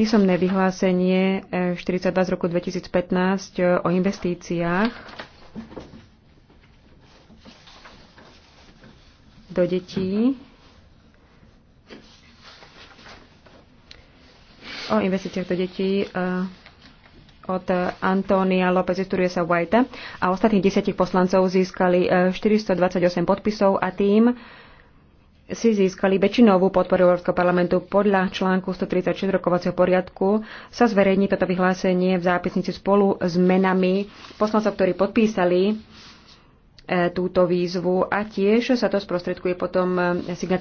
písomné vyhlásenie 42 eh, z roku 2015 eh, o investíciách do detí o investíciách do detí eh, od Antónia López Turiesa Whitea a ostatných desiatich poslancov získali 428 podpisov a tým si získali väčšinovú podporu Európskeho parlamentu. Podľa článku 136 rokovacieho poriadku sa zverejní toto vyhlásenie v zápisnici spolu s menami poslancov, ktorí podpísali e, túto výzvu a tiež sa to sprostredkuje potom e, signatárom.